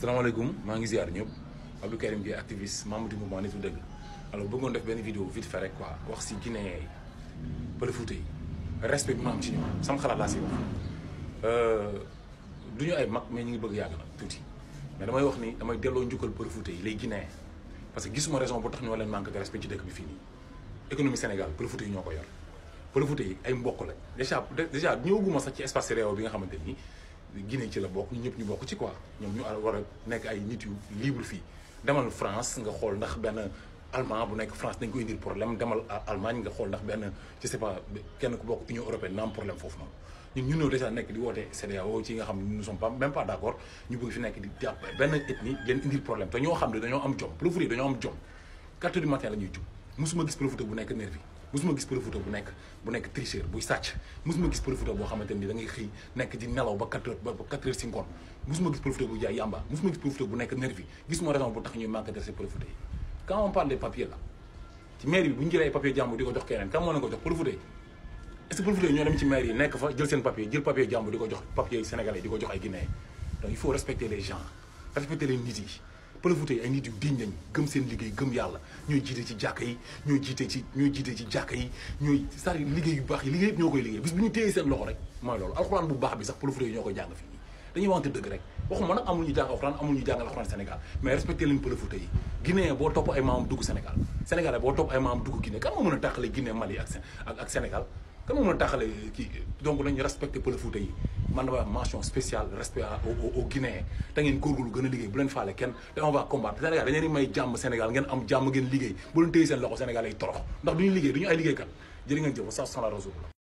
salaamaaleykum maa ngi ziar ñëpp Abdou Karim maam activiste membre du mouvement Nitu Dëgg alors bëggoon def benn vidéo vite fait rek quoi wax si guinéen yi pël Fuuta yi respect bi ma am ci ñoom sama xalaat euh, ñu ay ngi bëgg yàgg nag tuuti damay wax ni damay delloo njukkal pël Fuuta yi les guinéens que gisuma raison bu tax ñoo leen manque de respect ci fii nii économie Sénégal pël Fuuta yi ñoo ko yor pël Fuuta yi ay mbokk la déjà déjà ñëwaguma sax ci espace réew bi nga xamante ni Guinée ci la bokk ñëpp ñu bokk ci quoi ñoom ñu war a nekk ay nit yu libre fii demal France nga xool ndax benn allemand bu nekk France dañ ko indil problème demal Allemagne nga xool ndax benn je pas kenn ku bokk Union européenne na am problème foofu noonu ñun ñu ñëw déjà nekk di woote CEDEAO ci nga xam ne nous sommes pas même pas d'accord ñu bëgg fi nekk di jàpp benn ethnie leen indil problème te ñoo xam ne dañoo am jom pour le dañoo am jom 4 la ñuy jub musuma gis Pël Fuuta bu nekk nervi musuma gis Pël bu nek bu nek tricheur bu sàcc musuma gis Pël bo xamanteni da ngay xey nek di nelaw ba 4 heures ba quatre heures si ngoon musuma gis Pël bu buy jaay yamba musuma gis Pël Fuuta bu nekk nervi mo raison bu tax ñuy manque de ces Pël quand on parle des papiers là ci maire bi bu ñu jëlee papier jambu diko jox keneen kan mo leen ko jox Pël est ce que Pël Fuuta ñoo dem ci maire yi nek fa jël sen papier jël papier jambu diko jox papier sénégalais diko jox ay guinéen donc il faut respecter les gens respecter les nit pëlëfute yi ay nit yu diñ nañ gëm seen liggéey gëm yalla ñoy jité ci jakk yi ñoy jité ci ñoy jité ci jakk yi ñoy sar liggéey yu bax yi liggéey yëpp liggéey bis bu ñu téye seen loxo rek moy lool alcorane bu bax bi sax pëlëfute yi ñoo koy jàng dañuy wante deug rek waxuma nak amul ñu jàng alxuraan amul ñu jàngal alxuraan Sénégal mais respecté leen pëlëfute yi Guinée bo top ay maam dugg Sénégal Sénégal bo top ay maam dugg Guinée kan mo mën takalé Guinée Mali ak ak Sénégal kan mo mën takalé ki donc nañu respecté pëlëfute yi man damay wax mention spéciale respect au au Guinéen te ngeen góorgóorlu gën a liggéey bu leen faale kenn te on va combattre Sénégal dañu leen may jàmm Sénégal ngeen am jàmm ngeen liggéey bu leen téye seen loxo Sénégal ay torox ndax du ñu liggéey du ñu ay liggéeykat jërë ngeen jëf wa saa su la